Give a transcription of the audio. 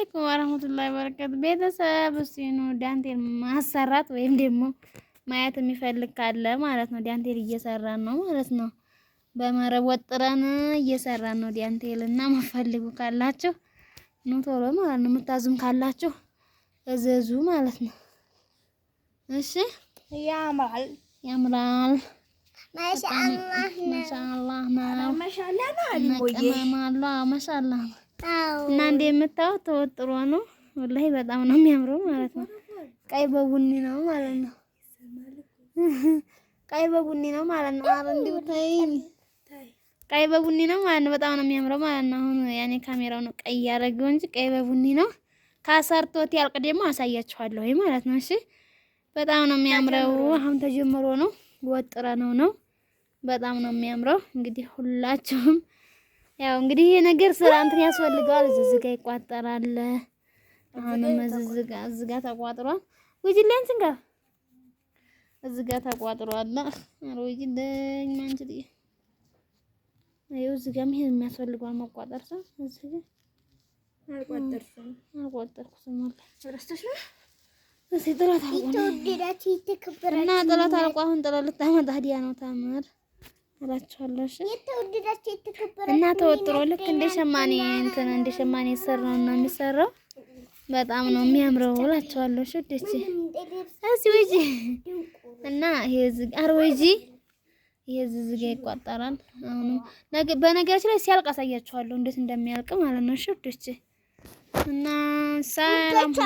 አለይኩም ወራህመቱላሂ ወበረካቱ ቤተሰብ እሱኑ ዳንቴል ማሰራት ወይም ደግሞ ማየት የሚፈልግ ካለ ማለት ነው። ዳንቴል እየሰራን ነው ማለት ነው። በመረብ ወጥረን እየሰራን ነው ዳንቴል እና መፈልጉ ካላችሁ ኑ ቶሎ ማለት ነው። የምታዙም ካላችሁ እዘዙ ማለት ነው። እሺ ያምራል፣ ያምራል። ማሻአላህ ነው፣ ማሻአላህ ነው፣ ማሻአላህ ነው። እና የምታዩት ተወጥሮ ነው። ወላሂ በጣም ነው የሚያምረው ማለት ነው። ቀይ በቡኒ ነው ማለት ነው። ቀይ በቡኒ ነው ማለት ነው። ኧረ እንዲሁ ተይ፣ ቀይ በቡኒ ነው ማለት ነው። በጣም ነው የሚያምረው ማለት ነው። አሁን ያኔ ካሜራው ነው ቀይ ያደረገው እንጂ ቀይ በቡኒ ነው። ካሰርቶት ያልቅ ደግሞ አሳያችኋለሁ ማለት ነው። እሺ፣ በጣም ነው የሚያምረው። አሁን ተጀምሮ ነው ወጥረ ነው ነው በጣም ነው የሚያምረው። እንግዲህ ሁላችሁም ያው እንግዲህ ይሄ ነገር ስራ እንትን ያስፈልገዋል። እዚህ ጋ ይቋጠራል። አሁንም እዚህ ጋ እዚህ ጋ ተቋጥሯል። ወይጅሌ እንትን ጋር እዚህ ጋ ተቋጥሯል። ኧረ ወይጅለኝ ማንቺ ልጅ ይኸው እዚህ ጋም ይሄን የሚያስፈልገዋል መቋጠር ሰው እዚህ ጋ አልቋጠርኩም አልቋጠርኩትም እና ጥላት አልቋ አሁን ጥላ ልታመጣ ሂዲያ ነው ታምር እላችኋለሁ። እሺ እና ተወጥሮ ልክ እንደ ሸማኔ እንትን እንደ ሸማኔ የተሰራው እና የሚሰራው በጣም ነው የሚያምረው እላችኋለሁ። እሺ ደስ እዚህ ወጂ እና ይሄ ዝግ አር ወጂ ይሄ ዝግ ይቋጠራል። አሁን ነገ በነገራችን ላይ ሲያልቅ አሳያችኋለሁ እንዴት እንደሚያልቅ ማለት ነው። እሺ ደስ እና ሰላም